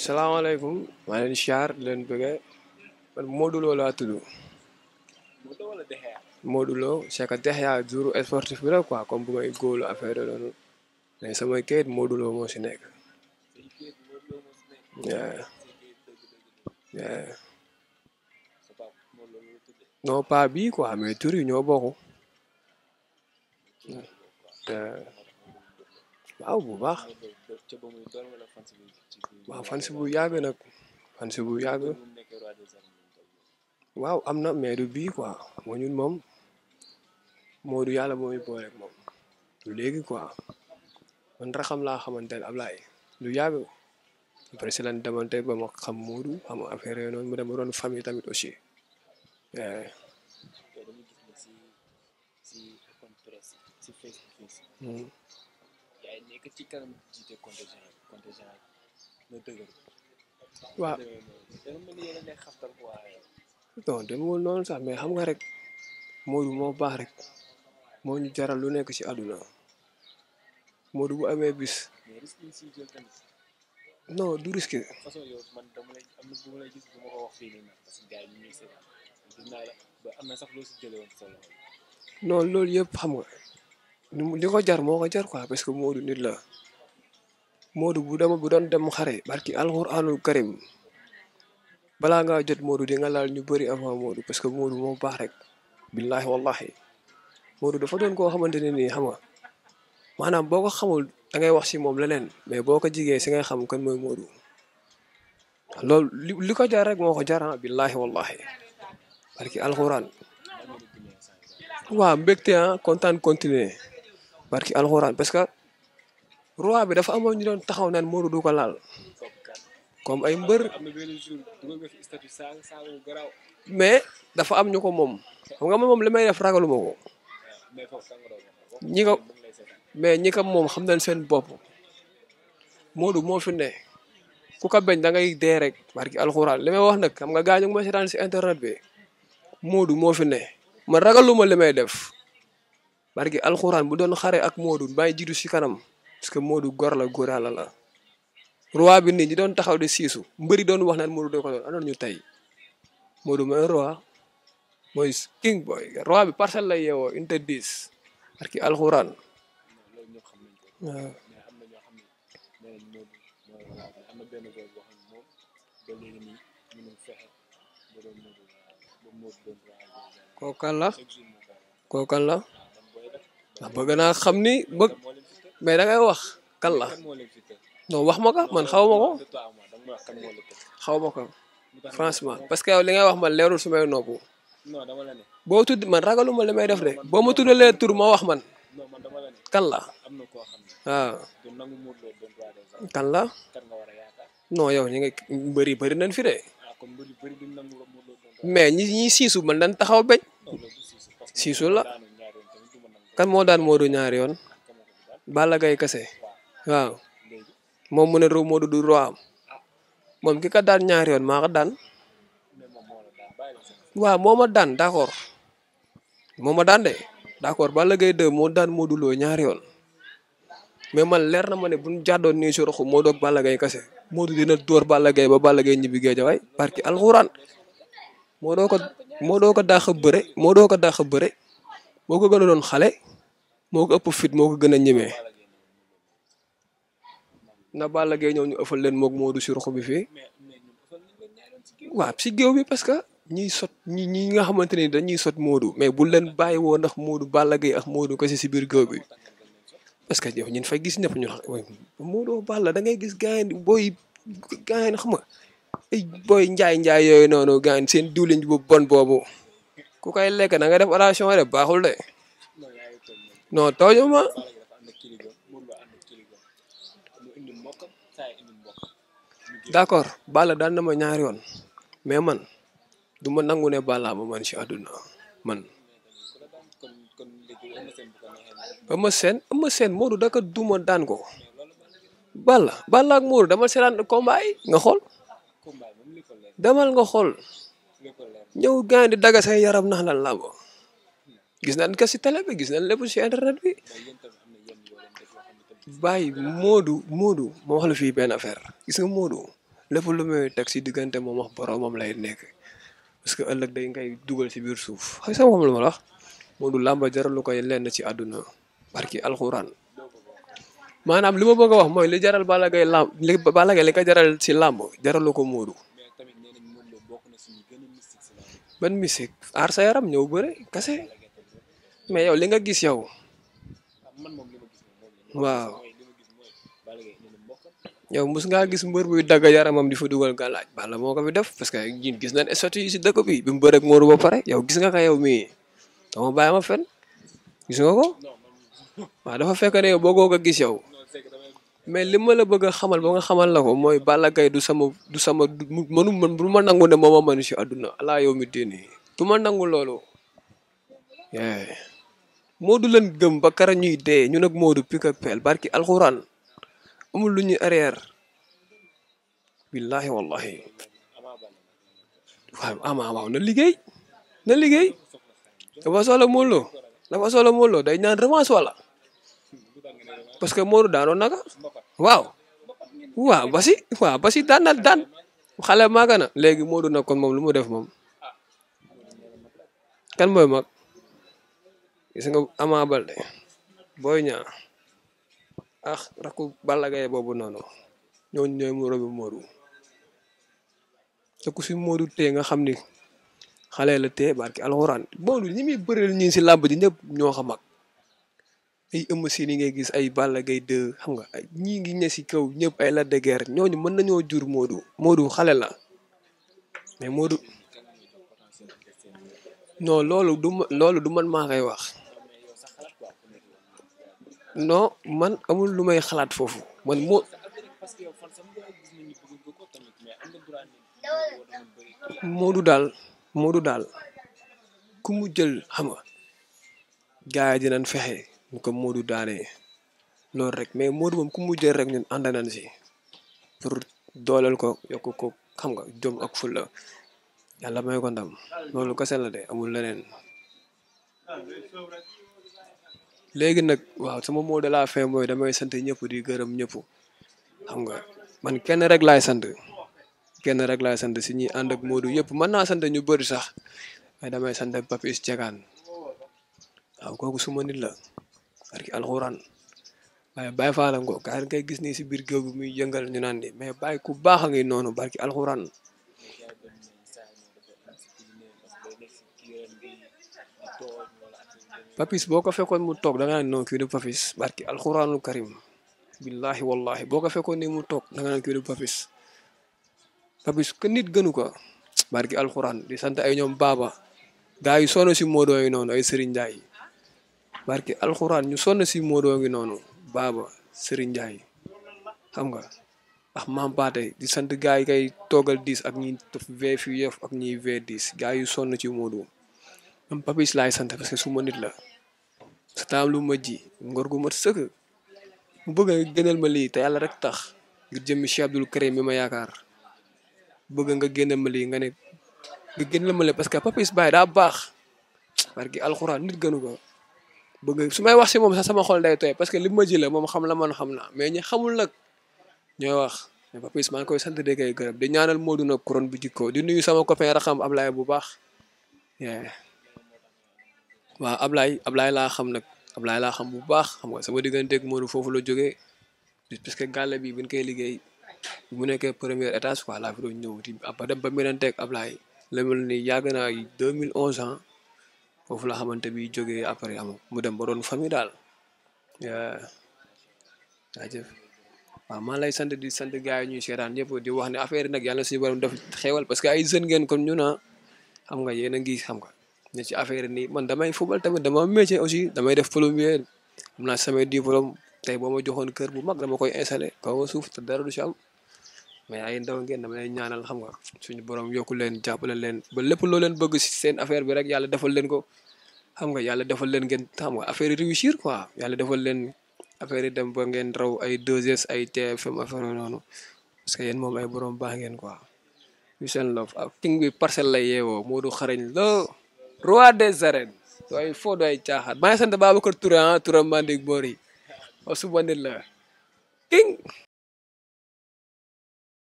salaamaaleykum maa leen siyaar leen bëggee man Modou Lo laa tudd Modou Lo c'est que Dexya jour sportif bi la quoi comme bu may góolu affaire la noonu mais samay kayit Modou Lo moo si nekk non pas bii quoi mais tur yi ñoo bokk waaw bu baax waaw fan si bu yàggee nag fan si bu yàggee waaw am na mais du bii quoi moo moom moo du yàlla mooy boole ak moom du léegi quoi man raxam laa xamante ne Ablaye du yàggee après si lan demante ba ma xam Modou xam affaire mu dem famille tamit aussi. Hmm. Hmm. yaa ci kanam jiite na dëgër. waaw non demewul noonu sax mais xam nga rek Modou moo baax rek moo ñu jaral lu nekk ci àdduna Modou bu amee bis. non du risque. façon man dama lay gis bu ma ko na sax loo si jëlee loolu yëpp xam nga di ko jar moo ko jar quoi parce que Modou nit la. Modou bu dama bu doon dem xare barki alxuraanul karim balaa ngaa jot Modou di nga laal ñu bëri avant Modou parce que Modou moo baax rek billaahi wallahi Modou dafa doon koo xamante ne nii xam nga maanaam boo ko xamul da ngay wax si moom leneen mais boo ko jigee si ngay xam kan mooy Modou loolu li li ko jar rek moo ko jar ah billaahi wallahi barki alxuraan waaw mbégte ah kontaan continuer barki alxuraan roi bi dafa amoon ñu doon taxaw naan Modou du ko laal comme ay mbër mais dafa am ñu ko moom xam nga ma moom li may def ragaluma ko ñi ko mais ñi kam moom xam nañ seen bopp Modou moo fi ne ku ko bañ da ngay dee rek barki alxuraan li may wax nag xam nga gaañu ma si internet bi Modou moo fi ne man ragaluma li may def barki alxuraan bu doon xare ak Modou bàyyi jiitu si kanam parce que Modou gor la góoraala la roi bi nit ñi doon taxaw di siisu mbëri doon wax naan Modou doo ko doon anoon ñu tey Modou mooy roi mooy king boy roi bi parcelle la yeewoo inte dix parce que alxuraan waaw kookan la a la ndax bëgg naa xam ni bëgg mais da wax kan la non wax ma ka man xaw ma ko xaw ma ko franchement parce que yow li ngay wax man leerul su may nopp boo tudd man ragaluma li may def de boo ma tuddalee tur ma wax man kan la waaw ah. kan la non yow ñi nga bëri bëri nañ fi de mais ñi ñi siisu man dan taxaw bañ siisu la kan moo daan Modou ñaari yoon Balla Gaye kese waaw moom mu ne ro moo du roi am moom ki ka daan ñaari yoon maa ko daan waaw moo ma daan d'accord moo ma daan de d'accord Balla Gaye 2 moo daan Modou Lo ñaari yoon mais man leer na ma ne buñ jàddoon nii si roxu moo doog Balla Gaye kese Modou dina dóor Balla Gaye ba Balla Gaye ñibbi géej waay parce que alxuraan moo doo ko moo doo moo doo ko dàq bëre boo gën a doon xale moo ko ëpp fit moo ko gën a ñemee na baala gee ñëw ñu ëffal leen moog moodu si rox bi fii waaw si géew bi parce que ñiy sot ñi ñi nga xamante ni dañuy sot Modou mais bu leen bàyyi woo ndax Modou Balla Gaye ak moodu kese si biir géew bi parce que yow ñun fay gis ñëpp ñu wax Modou Balla da ngay gis gaayen booy gaayen xam nga booy njaay njaay yooyu noonu gaayen seen diwlin bu bon boobu ku koy lekk na nga def oration rek baaxul de. non tooñu ma d'accord Balla daan na ma ñaari yoon mais man du ma nangu ne Balla ma man ci àdduna man Eumeu Sène Eumeu Sène Modou daka duma daan ko Balla Balla ak dama seetaan combat yi nga xool demal nga xool ñëw gaañ di daga say yaram nax lan laa gis nañ ko si télé bi gis nañ lépp si internet bi bàyyi Moodu Moodu ma wax la fii benn affaire gis nga Moodu lépp lu muy teg si diggante moom wax boromam lay nekk parce que ëllëg day ngay dugal si biir suuf xam sa moom lu koy lenn ci àdduna barki alxuraan maanaam li ma bëgg a wax mooy li jaral Balla Gaye làmb li Balla Gaye li ko jaral si làmb jaralu ko Moodu ban mystique aar sa yaram ñëw bëre kase mais yow li nga gis yow. waaw. yow mos ngaa gis mbër buy dagg yaramam di fa dugal gàllaaj Balla moo ko fi def parce que ñun gis na statut yi si dëkk bi bi mu bëreeg Modou ba pare yow gis nga ko yow mii dama bàyyi ma dafa fekk ne ko gis yow mais li ma la bëgg a xamal ba nga xamal la ko mooy bala Gaye du sama du mën mënu man bu ma nangu ne mooma si àdduna alaa yow mi diini du ma nangu loolu Modou lan gëm ba kara ñuy dee ñu nag Modou pik ak peel barki alxuraan amul lu ñu arrière billahi wallahi ama waaw na liggéey na liggéey dafa soxla Modou Lo dafa soxla Modou Lo day ñaan que Modou daanoon naka waaw waaw basi waaw basi daan na daan xale maaga na léegi Modou nag kon moom lu mu def moom kan mooy gis nga Ama Baldé Boy Niang ah rakku Balla Gaye boobu noonu ñooñ ñooy mu robi Modou te ku si Modou tee nga xam ni xale la te barki alxuraan Modou ñi muy bëreel si làmb ji ñëpp ñoo xam mag ay ëmm si ngay gis ay Balla Gaye 2 xam nga ay ñii ngi ñe si kaw ñëpp ay la de Guiers ñooñu mën nañoo jur Modou Modou xale la mais Modou non loolu du loolu du man maa koy wax no man amul lu may xalaat foofu man moo Modou daal Modou daal ku mu jël xam nga yi dinañ fexe ñu ko Modou daanee loolu rek mais Modou moom ku mu jël rek ñun ànd nañ si pour dooleel ko yokk ko xam nga jom ak fulla yàlla may ko ndam loolu kese la de amul leneen. léegi nag waaw sama mot de la fin mooy damay sant ñëpp di gërëm ñëpp xam nga man kenn rek laay sant kenn rek laay sant si ñi ànd ak Modou yëpp mën naa sant ñu bëri sax mais damay sant Papis Cegaan waaw kooku suma nit la que alxuraan waaye Baye Fall nga ko gis nii si biir géew bi muy yëngal ñu naan ni mais Baye ku baax a ngi noonu barki alxuraan papis boo ko fekkoon mu toog da nga naan non kii du papis barki alxuraanul karim billahi wallahi boo ko fekkoon ne mu toog danga nga naan kii du papis papis que nit gënu ko barki alxuraan di sant ay ñoom baaba gaa yu sonn si moodoo noonu ay Serigne Ndiaye barki alxuraan ñu sonn si moodoo ngi noonu baaba Serigne Ndiaye xam nga ak Mame Pathé di sant gaa yi kay toogal diis ak ñi V yëf ak ñi V10 gars yu sonn ci Modou am Papis laay sant parce que su nit la ma ji ngor gu mat sëkk bëgg nga génneel ma lii te yàlla rek tax ngir jëmmi Cheikh Abdoul mi ma yaakaar bëgg nga génneel ma lii nga ne nga génneel ma lii parce que Papis Baye daa baax parce que alxuraan nit gënu ko bëgg su may wax si moom sax sama xol day tooy parce que li ma la moom xam la man xam naa mais ñi xamul nag. ñooy wax ne Papis maa ngi koy sant di koy gërëm di ñaanal Modou nag couronne bu jikkoo di nuyu sama copain raxam Ablaye bu baax waaw Ablaye Ablaye laa xam nag Ablaye laa xam bu baax xam nga sama digganteek Modou foofu la jógee parce que gàlle bi buñ koy liggéey mu nekkee premier état quoi laa fi doon ñëw di ba ba miranteeg Ablaye la mel ni yàgg naa yi 2011 ans foofu la xamante bi jógee après am mu dem ba doon famille daal waaw maa lay sant di sant gars yi ñuy seetaan ñëpp di wax ne affaire yi nag yàlla suñu borom def xéewal parce que ay jeune ngeen comme ñu ah. xam nga yéen a ngi xam nga ne ci affaire yi nii man damay football tamit dama métier aussi damay def plombier am na samay diplôme tey boo ma joxoon kër bu mag dama koy installé kaw suuf te dara du si am mais ay ndaw ngeen dama leen ñaanal xam nga suñu borom yokku leen jàppale leen ba lépp loo leen bëgg si seen affaire bi rek yàlla defal leen ko xam nga yàlla defal leen ngeen xam nga affaire réussir quoi yàlla defal leen affaire yi dem ba ngeen raw ay 2S ay TFM affaire noonu parce que yéen moom ay borom baax ngeen quoi. Vision Love ak ah, ting bi parcelle lay yeewoo Modou xarañ lo roi des arènes waaye foo doy caaxaan maa ngi sant Babacar Touré ah Touré Mandik Bori wa suba la ting